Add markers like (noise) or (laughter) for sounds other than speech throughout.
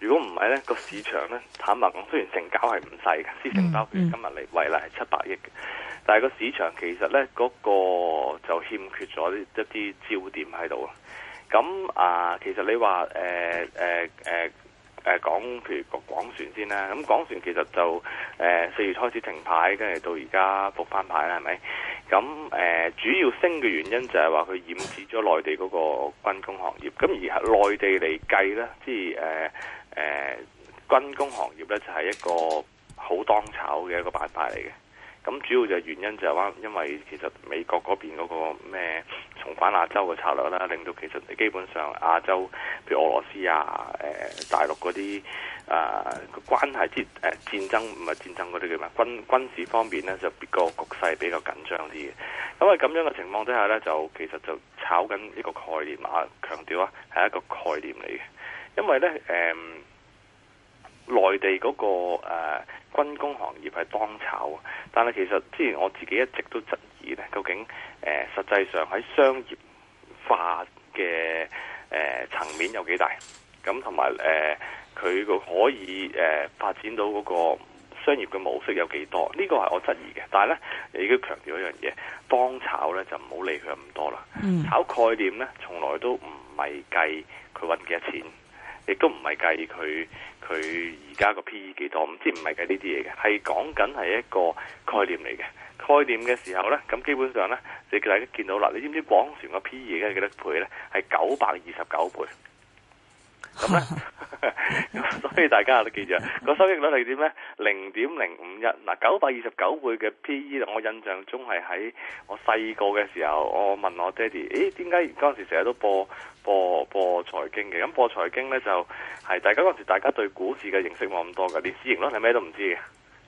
如果唔係呢個市場呢，坦白講，雖然成交係唔細嘅，市成交佢今日嚟為例係七百億嘅，但係個市場其實呢嗰個就欠缺咗一啲焦點喺度啊。咁啊，其實你話誒誒誒。呃呃呃呃誒、呃、講譬如個廣船先啦，咁、嗯、廣船其實就誒四、呃、月開始停牌，跟住到而家復翻牌啦，係咪？咁、嗯、誒、呃、主要升嘅原因就係話佢染指咗內地嗰個軍工行業，咁而係內地嚟計咧，即係誒誒軍工行業咧就係一個好當炒嘅一個板塊嚟嘅。咁主要就原因就話，因為其實美國嗰邊嗰個咩重返亞洲嘅策略啦，令到其實基本上亞洲，譬如俄羅斯啊、誒、呃、大陸嗰啲啊個關係之誒戰爭唔係戰爭嗰啲叫咩？軍軍事方面呢就個局勢比較緊張啲嘅。咁喺咁樣嘅情況之下呢就其實就炒緊呢個概念啊，強調啊係一個概念嚟嘅，因為呢。誒、嗯。內地嗰、那個誒、呃、軍工行業係當炒，但係其實之前我自己一直都質疑咧，究竟誒、呃、實際上喺商業化嘅誒、呃、層面有幾大？咁同埋誒佢個可以誒、呃、發展到嗰個商業嘅模式有幾多？呢、這個係我質疑嘅。但係咧，你都強調一樣嘢，當炒咧就唔好理佢咁多啦、嗯。炒概念咧，從來都唔係計佢搵幾多錢，亦都唔係計佢。佢而家個 P E 幾多？我唔知唔係計呢啲嘢嘅，係講緊係一個概念嚟嘅。概念嘅時候呢，咁基本上呢，你大家見到啦，你知唔知廣船個 P E 而家係幾多倍，倍 (laughs) 樣呢？係九百二十九倍。咁呢。 (laughs) 所以大家都記住個收益率係點呢？零點零五一，嗱九百二十九倍嘅 PE，我印象中係喺我細個嘅時候，我問我爹哋，咦，點解嗰陣時成日都播播播財經嘅？咁播財經呢，就係大家嗰陣時大家對股市嘅認識冇咁多嘅，連市盈率係咩都唔知嘅。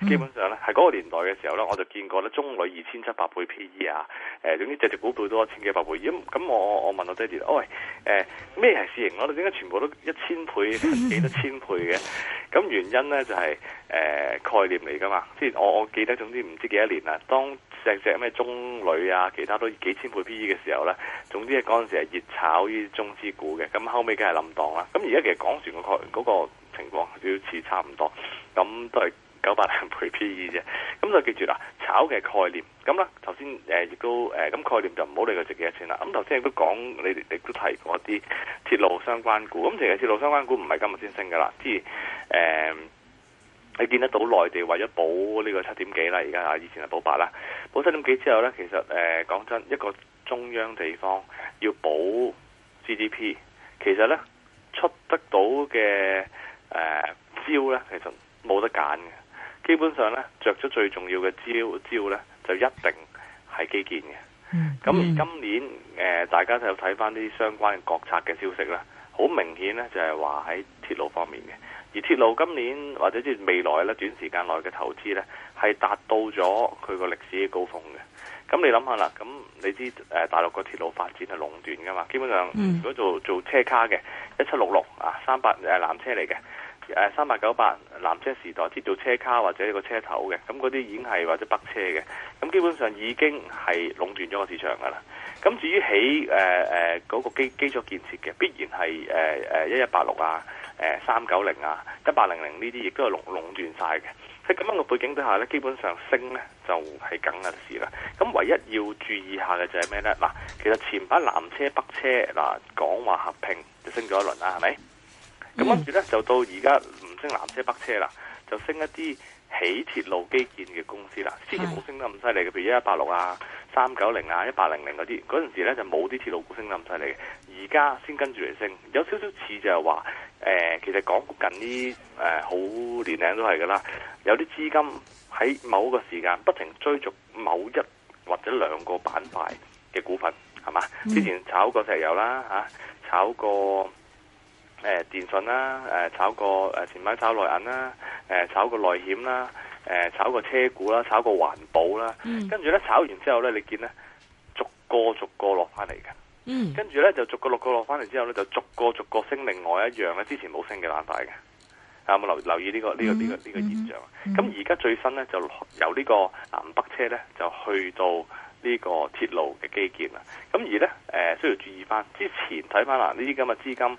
基本上咧，喺嗰個年代嘅時候咧，我就見過咧中旅二千七百倍 P/E 啊，誒、呃，總之隻隻股票都一千幾百倍。咁咁，我我我問我爹哋、哦，喂，誒咩係市盈率咯？點解全部都一千倍幾多千倍嘅？咁原因咧就係、是、誒、呃、概念嚟噶嘛。即係我我記得，總之唔知幾多年啦。當隻隻咩中旅啊，其他都幾千倍 P/E 嘅時候咧，總之係嗰陣時係熱炒呢啲中資股嘅。咁後尾梗係冧檔啦。咁而家其實講住個概念，嗰個情況，要似差唔多，咁都係。九百零倍 P/E 啫，咁就記住啦，炒嘅概念。咁啦頭先亦都誒咁、呃、概念就唔好理佢值幾多錢啦。咁頭先亦都講，你哋亦都提過啲鐵路相關股。咁其實鐵路相關股唔係今日先升噶啦，即係誒你見得到內地為咗保呢個七點幾啦，而家啊以前係保八啦，保七點幾之後咧，其實講、呃、真，一個中央地方要保 GDP，其實咧出得到嘅誒、呃、招咧，其實冇得揀嘅。基本上咧，着咗最重要嘅招，招咧就一定係基建嘅。咁、嗯、而今年，誒、嗯呃，大家就睇翻啲相關嘅國策嘅消息啦。好明顯咧，就係話喺鐵路方面嘅。而鐵路今年或者即係未來咧，短時間內嘅投資咧，係達到咗佢個歷史嘅高峰嘅。咁你諗下啦，咁你知誒、呃，大陸個鐵路發展係壟斷噶嘛？基本上，嗯、如果做做車卡嘅一七六六啊，三八誒纜車嚟嘅。誒、呃，三八九八南車時代，即造車卡或者個車頭嘅，咁嗰啲已經係或者是北車嘅，咁基本上已經係壟斷咗個市場噶啦。咁至於起誒誒嗰個基基礎建設嘅，必然係誒誒一一八六啊，誒三九零啊，一八零零呢啲，亦都係壟壟斷晒嘅。喺咁樣嘅背景底下呢，基本上升呢就係梗嘅事啦。咁唯一要注意一下嘅就係咩呢？嗱、呃，其實前排南車北車嗱講話合併就升咗一輪啦，係咪？咁跟住咧，呢就到而家唔升南車北車啦，就升一啲起鐵路基建嘅公司啦。之前冇升得咁犀利嘅，譬如一一八六啊、三九零啊、一八零零嗰啲，嗰陣時咧就冇啲鐵路股升得咁犀利。而家先跟住嚟升有點點，有少少似就係話，誒，其實港股近呢誒好年齡都係噶啦。有啲資金喺某個時間不停追逐某一或者兩個板塊嘅股份，係嘛、嗯？之前炒過石油啦，吓、啊、炒過。誒、呃，電信啦，誒、呃，炒個誒前晚炒內銀啦，誒、呃，炒個內險啦，誒，炒個車股啦，炒個環保啦，嗯、跟住咧炒完之後咧，你見咧逐個逐個落翻嚟嘅，跟住咧就逐個逐個落翻嚟之後咧，就逐個逐個升，另外一樣咧之前冇升嘅板塊嘅，有冇留留意呢、這個呢、這個呢、這個呢、這個現象？咁而家最新咧就由呢個南北車咧就去到呢個鐵路嘅基建啦，咁而咧誒、呃、需要注意翻，之前睇翻啦呢啲咁嘅資金。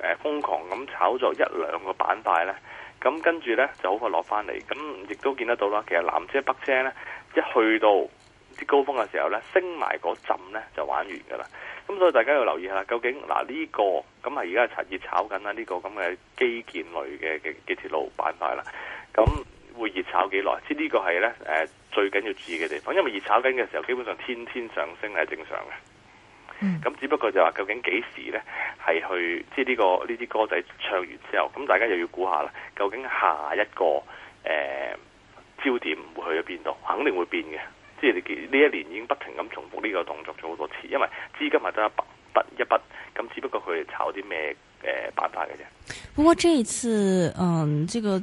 誒瘋狂咁炒作一兩個板塊呢，咁跟住呢就好快落返嚟，咁亦都見得到啦。其實南車北車呢，一去到啲高峰嘅時候呢，升埋嗰陣呢就玩完噶啦。咁所以大家要留意下啦，究竟嗱呢個咁係而家係熱炒緊啦呢個咁嘅基建類嘅嘅鐵路板塊啦，咁會熱炒幾耐？即係呢個係呢最緊要注意嘅地方，因為熱炒緊嘅時候，基本上天天上升係正常嘅。咁、嗯、只不過就話究竟幾時呢？係去即係、這、呢個呢啲歌仔唱完之後，咁大家又要估下啦。究竟下一個誒、呃、焦點會去咗邊度？肯定會變嘅。即係你見呢一年已經不停咁重複呢個動作，咗好多次。因為資金係得一筆一筆，咁只不過佢哋炒啲咩誒辦法嘅啫。不過呢一次，嗯，呢個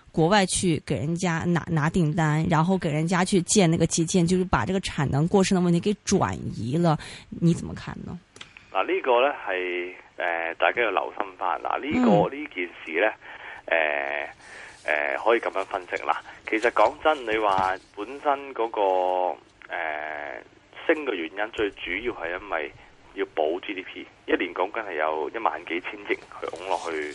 國外去給人家拿拿訂單，然後給人家去建那個基建，就是把這個產能過剩的問題給轉移了，你怎麼看呢？嗱，呢個呢係誒、呃，大家要留心翻。嗱，這個，呢個呢件事呢誒誒、呃呃，可以咁樣分析啦，其實講真，你話本身嗰、那個誒、呃、升嘅原因，最主要係因為要保 GDP，一年講緊係有一萬幾千億去拱落去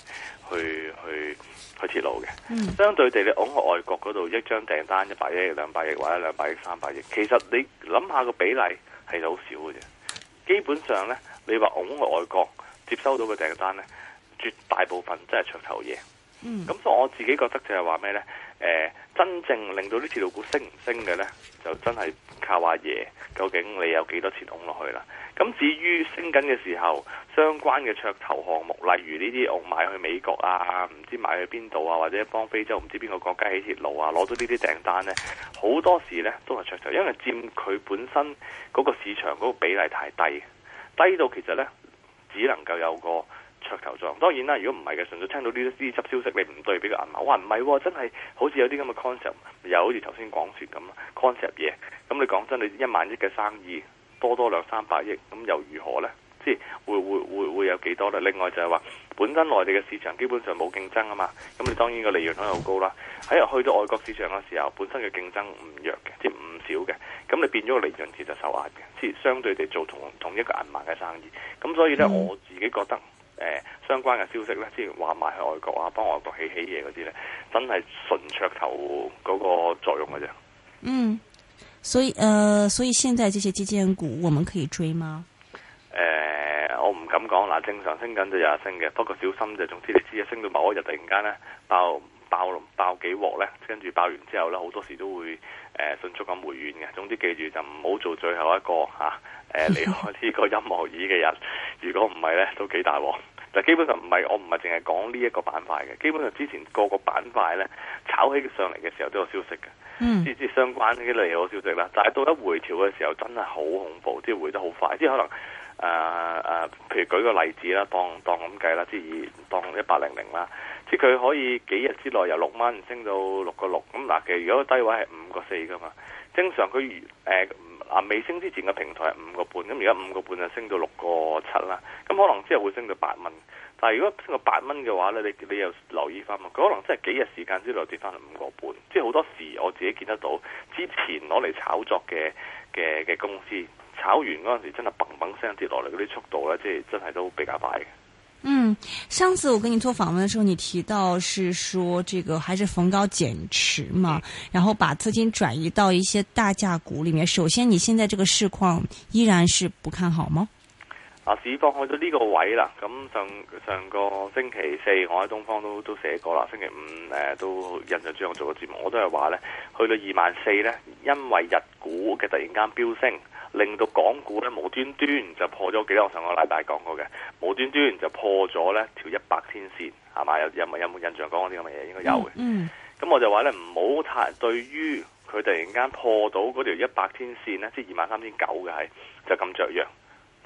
去去去鐵路嘅，相對地你拱到外國嗰度一張訂單一百億兩百億或者兩百億三百億，其實你諗下個比例係好少嘅啫。基本上呢，你話拱到外國接收到嘅訂單呢，絕大部分真係長頭嘢。咁、嗯、所以我自己覺得就係話咩呢？誒、呃，真正令到啲鐵路股升唔升嘅呢，就真係靠阿、啊、爺，究竟你有幾多錢湧落去啦？咁至於升緊嘅時候，相關嘅噱頭項目，例如呢啲我買去美國啊，唔知買去邊度啊，或者幫非洲唔知邊個國家起鐵路啊，攞到呢啲訂單呢，好多時呢都係噱頭，因為佔佢本身嗰個市場嗰個比例太低，低到其實呢，只能夠有個。桌球狀，當然啦，如果唔係嘅，純粹聽到呢一啲執消息，你唔對個，畀個銀碼哇，唔係真係好似有啲咁嘅 concept，又好似頭先講説咁啊 concept 嘢。咁你講真的，你一萬億嘅生意多多兩三百億，咁又如何呢？即係會會會會有幾多咧？另外就係話本身內地嘅市場基本上冇競爭啊嘛，咁你當然個利潤可能好高啦。喺去到外國市場嘅時候，本身嘅競爭唔弱嘅，即唔少嘅。咁你變咗個利潤其實受壓嘅，即係相對地做同同一個銀碼嘅生意。咁所以呢、嗯，我自己覺得。誒、呃，相關嘅消息咧，即係話埋去外國啊，幫外國起起嘢嗰啲咧，真係純噱頭嗰個作用嘅啫。嗯，所以，誒、呃，所以現在這些基建股，我們可以追嗎？誒、呃，我唔敢講，嗱，正常升緊就又係升嘅，不過小心就，總之你知嘅，升到某一日突然間咧爆爆隆爆幾鑊咧，跟住爆完之後咧，好多時都會誒、呃、迅速咁回軟嘅，總之記住就唔好做最後一個吓。啊誒，離開呢個音樂椅嘅人，如果唔係咧，都幾大鑊。嗱，基本上唔係，我唔係淨係講呢一個板塊嘅，基本上之前個個板塊咧炒起上嚟嘅時候都有消息嘅。嗯，即係相關啲利好消息啦。但係到一回調嘅時候，真係好恐怖，即係回得好快。即係可能誒誒、呃呃，譬如舉個例子啦，當當咁計啦，即係當一八零零啦，即係佢可以幾日之內由六蚊升到六個六咁嗱嘅。其實如果個低位係五個四噶嘛，正常佢誒。呃啊！未升之前嘅平台係五個半，咁而家五個半就升到六個七啦。咁可能之後會升到八蚊，但係如果升到八蚊嘅話咧，你你又留意翻嘛？佢可能真係幾日時間之內跌翻嚟五個半，即係好多時我自己見得到之前攞嚟炒作嘅嘅嘅公司炒完嗰陣時，真係砰砰聲跌落嚟嗰啲速度咧，即係真係都比較快嘅。嗯，上次我跟你做訪問的時候，你提到是說這個還是逢高減持嘛，然後把資金轉移到一些大價股裏面。首先，你現在這個市況依然是不看好嗎？啊，市況去到呢個位啦。咁上上個星期四，我喺東方都都寫過啦。星期五誒、呃，都印象最我做個節目，我都係話呢去到二萬四呢，因為日股嘅突然間飆升。令到港股咧無端端就破咗幾多？我上個禮拜講過嘅，無端端就破咗咧條一百天線，係嘛？有有冇有冇印象講啲咁嘅嘢？應該有嘅。嗯。咁、嗯、我就話咧，唔好太對於佢突然間破到嗰條一百天線呢，即係二萬三千九嘅係，就咁着樣。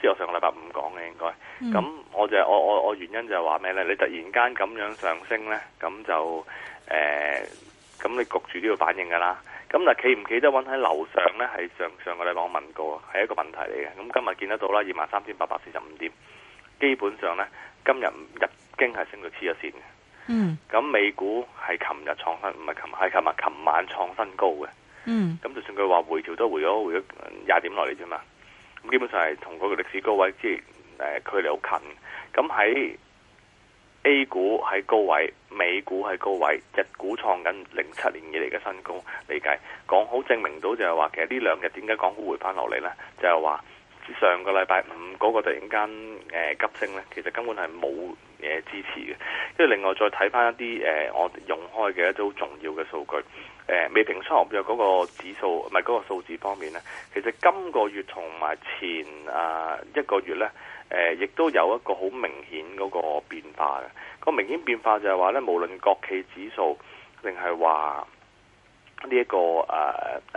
即係我上個禮拜五講嘅應該。嗯。咁我就我我我原因就係話咩咧？你突然間咁樣上升咧，咁就誒、咁、呃、你焗住呢個反應噶啦。咁嗱，企唔企得穩喺樓上咧，係上上個禮拜我問過，係一個問題嚟嘅。咁今日見得到啦，二萬三千八百四十五點，基本上咧，今日日經係升到黐咗線嘅。嗯。咁美股係琴日創新，唔係琴，係琴日，琴晚，晚創新高嘅。嗯。咁就算佢話回調都回咗回咗廿點落嚟啫嘛。咁基本上係同嗰個歷史高位即係誒距離好近。咁喺 A 股喺高位，美股喺高位，日股創緊零七年以嚟嘅新高。理解，講好證明到就係話，其實呢兩日點解港股回翻落嚟呢？就係、是、話上個禮拜五嗰個突然間、呃、急升呢，其實根本係冇嘢支持嘅。跟住另外再睇翻一啲誒、呃，我用開嘅一啲重要嘅數據，誒、呃，未平倉合約嗰個指數唔係嗰個數字方面呢。其實今個月同埋前啊、呃、一個月呢。.誒，亦都有一個好明顯嗰個變化嘅。個明顯變化就係話咧，無論國企指數還是、這個，定係話呢一個誒誒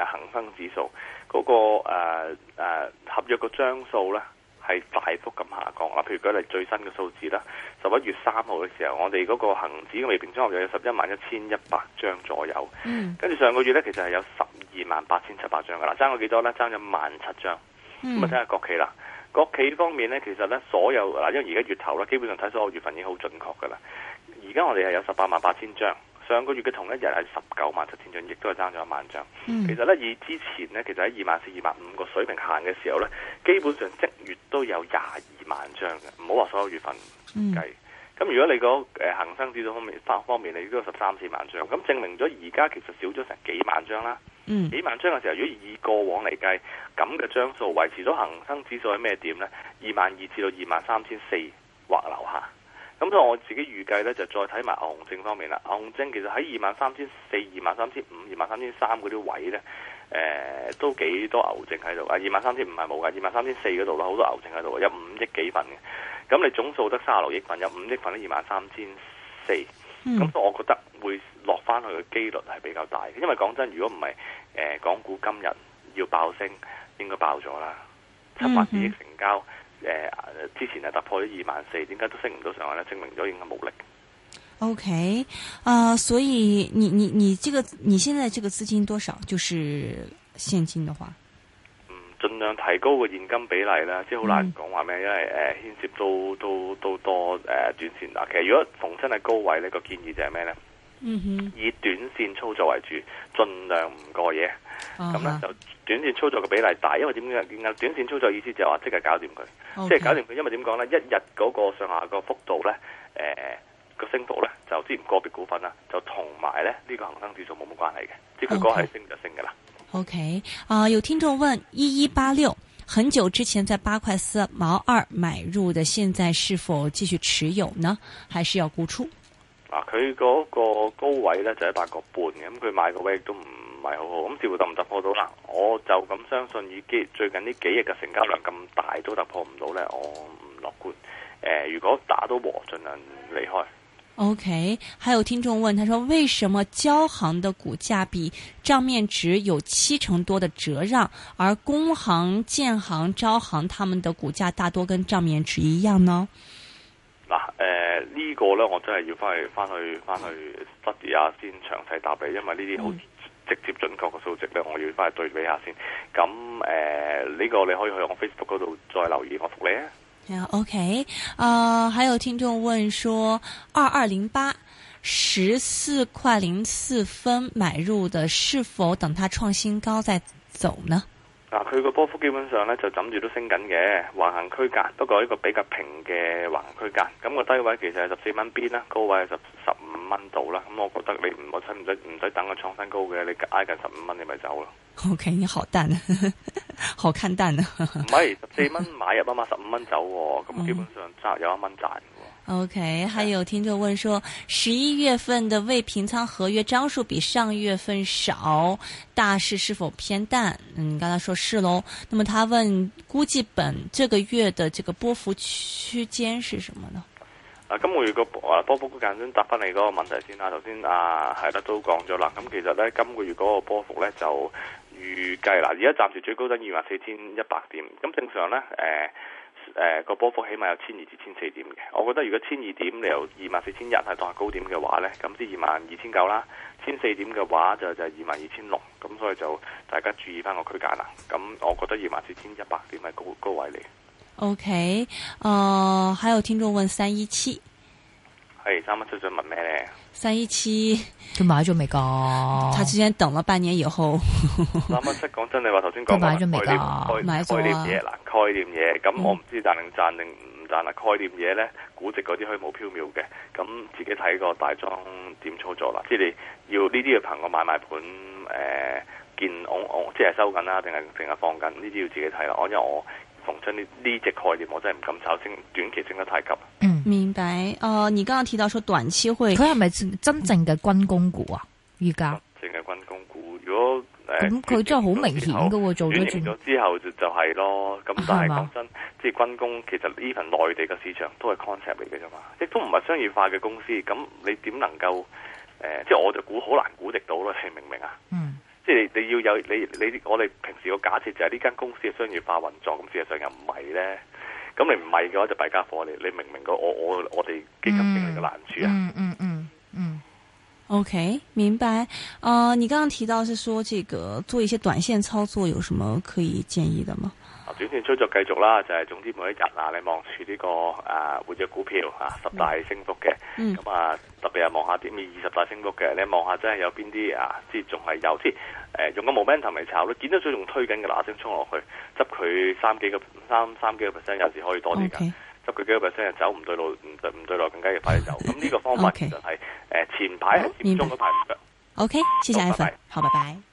恆生指數，嗰、那個誒、啊啊、合約嘅張數咧，係大幅咁下降。嗱、啊，譬如舉例最新嘅數字啦，十一月三號嘅時候，我哋嗰個恆指嘅未平倉合約有十一萬一千一百張左右。跟、嗯、住上個月咧，其實係有十二萬八千七百張嘅啦，爭咗幾多咧？爭咗萬七張。咁、嗯、啊，睇下國企啦。國企方面咧，其實咧所有嗱，因為而家月頭啦，基本上睇所有月份已經好準確噶啦。而家我哋係有十八萬八千張，上個月嘅同一日係十九萬七千張，亦都係爭咗一萬張。其實咧，以之前咧，其實喺二萬四、二萬五個水平限嘅時候咧，基本上即月都有廿二萬張嘅，唔好話所有月份計。咁、嗯、如果你講誒恒生指數方面方方面，你都有十三四萬張，咁證明咗而家其實少咗成幾萬張啦。嗯，幾萬張嘅時候，如果以過往嚟計，咁嘅張數維持咗恒生指數喺咩點呢？二萬二至到二萬三千四或樓下。咁所以我自己預計呢，就再睇埋牛熊證方面啦。牛熊證其實喺二萬三千四、二萬三千五、二萬三千三嗰啲位呢，誒、呃，都幾多牛證喺度啊！二萬三千五係冇噶，二萬三千四嗰度啦，好多牛證喺度，有五億幾份嘅。咁你總數得三十六億份，有五億份都二萬三千四。咁、嗯，我覺得會落翻去嘅機率係比較大嘅，因為講真，如果唔係、呃，港股今日要爆升，應該爆咗啦，七百幾億成交，嗯嗯呃、之前係突破咗二萬四，點解都升唔到上去咧？證明咗應該冇力。OK，啊、uh, 所以你你你，你這個，你現在這個資金多少？就是現金的話。盡量提高個現金比例啦，即係好難講話咩，因為誒牽、呃、涉到都都多誒短線啦。其實如果逢親係高位咧，個建議就係咩呢、嗯？以短線操作為主，盡量唔過夜。咁、啊、呢就短線操作嘅比例大，因為點樣點樣？短線操作意思就係話、okay, 即係搞掂佢，即係搞掂佢，因為點講呢？一日嗰個上下個幅度呢，誒、呃、個升幅，呢就之前個別股份啦，就同埋咧呢、這個恒生指數冇乜關係嘅，即係佢個係升就升噶啦。Okay, OK，啊、呃、有聽眾問一一八六，1186，很久之前在八塊四毛二買入的，現在是否繼續持有呢？還是要沽出？啊佢嗰個高位咧就喺、是、八個半，咁佢買嗰位置都唔係好好，咁似乎都唔突破到啦。我就咁相信，以今最近呢幾日嘅成交量咁大都突破唔到咧，我唔樂觀。誒、呃，如果打到和，盡量離開。OK，還有聽眾問，他說：為什麼交行的股價比賬面值有七成多的折讓，而工行、建行、招行他們的股價大多跟賬面值一樣呢？嗱、啊，誒、呃，這個、呢個咧，我真係要翻去翻去翻去 study 下、啊、先詳細答你，因為呢啲好直接準確嘅數值咧，我要翻去對比一下先。咁誒，呢、呃這個你可以去我 Facebook 嗰度再留意我覆你啊。Yeah, OK，啊、uh，還有聽眾問說，二二零八、十四塊零四分買入的，是否等它創新高再走呢？啊，佢個波幅基本上咧就枕住都升緊嘅，橫行區間，不過一個比較平嘅橫行區間。咁、個低位其實係十四蚊邊啦，高位係十十五。度、嗯、啦，咁我覺得你唔好使，唔使唔使等佢創新高嘅，你挨近十五蚊你咪走咯。OK，你好淡、啊呵呵，好看淡。啊。唔係，十四蚊買入啊嘛，十五蚊走、哦，咁、嗯、基本上賺有一蚊賺 OK，還有聽眾問說，十、yeah. 一月份的未平倉合約張數比上月份少，大市是否偏淡？嗯，剛才說是咯。那麼他問，估計本這個月的這個波幅區間是什麼呢？嗱、啊，今個月個波波幅間，先答翻你嗰個問題先啦。頭先啊，係啦都講咗啦。咁其實咧，今個月嗰個波幅咧就預計啦。而家暫時最高都係二萬四千一百點。咁正常咧，誒誒個波幅起碼有千二至千四點嘅。我覺得如果千二點，你由二萬四千一係當係高點嘅話咧，咁至二萬二千九啦。千四點嘅話就就二萬二千六。咁所以就大家注意翻個區間啦。咁我覺得二萬四千一百點係高高位嚟。OK，誒、呃，還有聽眾問三一七，係三一七想問咩咧？三一七，佢買咗未講，佢之前等咗半年以後，三一七講真你話頭先講，未？買、 (laughs) 啊、概念嘢啦，概念嘢，咁我唔知但定賺定唔賺啦，概念嘢咧，估值嗰啲虛無縹緲嘅，咁自己睇個大莊點操作啦，即係你要呢啲要憑個買賣盤誒，見我我、嗯、即係收緊啦，定係淨係放緊，呢啲要自己睇啦，我因為我。放出呢呢隻概念，我真係唔敢炒短期升得太急。嗯，明白。哦、呃，你剛剛提到說短期會，佢係咪真正嘅軍工股啊？依、嗯、家正嘅軍工股，如果誒，咁佢真係好明顯嘅喎，做咗轉型咗之、之後就就係、是、咯。係冇。講真。即係軍工，其實呢份內地嘅市場都係 concept 嚟嘅啫嘛，亦都唔係商業化嘅公司。咁你點能夠誒、呃？即係我就估好難估值到啦，你明唔明啊？嗯。即係你，你要有你你，你我哋平時個假設就係呢間公司嘅商業化運作，咁事實上又唔係咧。咁你唔係嘅話就敗家貨嚟。你明唔明個我我我哋基金經理嘅難處啊？嗯嗯嗯嗯。OK，明白。啊、呃，你剛剛提到是說，這個做一些短線操作，有什麼可以建議的嗎？短線操作繼續啦，就係、是、總之每一日啊，你望住呢個誒活躍股票啊，十大升幅嘅，咁、嗯嗯、啊特別係望下啲二十大升幅嘅，你望下真係有邊啲啊，即仲係有啲誒、呃、用個 momentum 嚟炒，見到最仲推緊嘅嗱嗱聲衝落去，執佢三幾個三三幾個 percent 有時可以多啲㗎。Okay. 執佢幾個 percent 走，唔對路唔對唔對路更加要快啲走，咁、okay. 呢個方法其實係前，okay. 前都排喺佔中唔排。O K，謝謝艾粉，好，拜拜。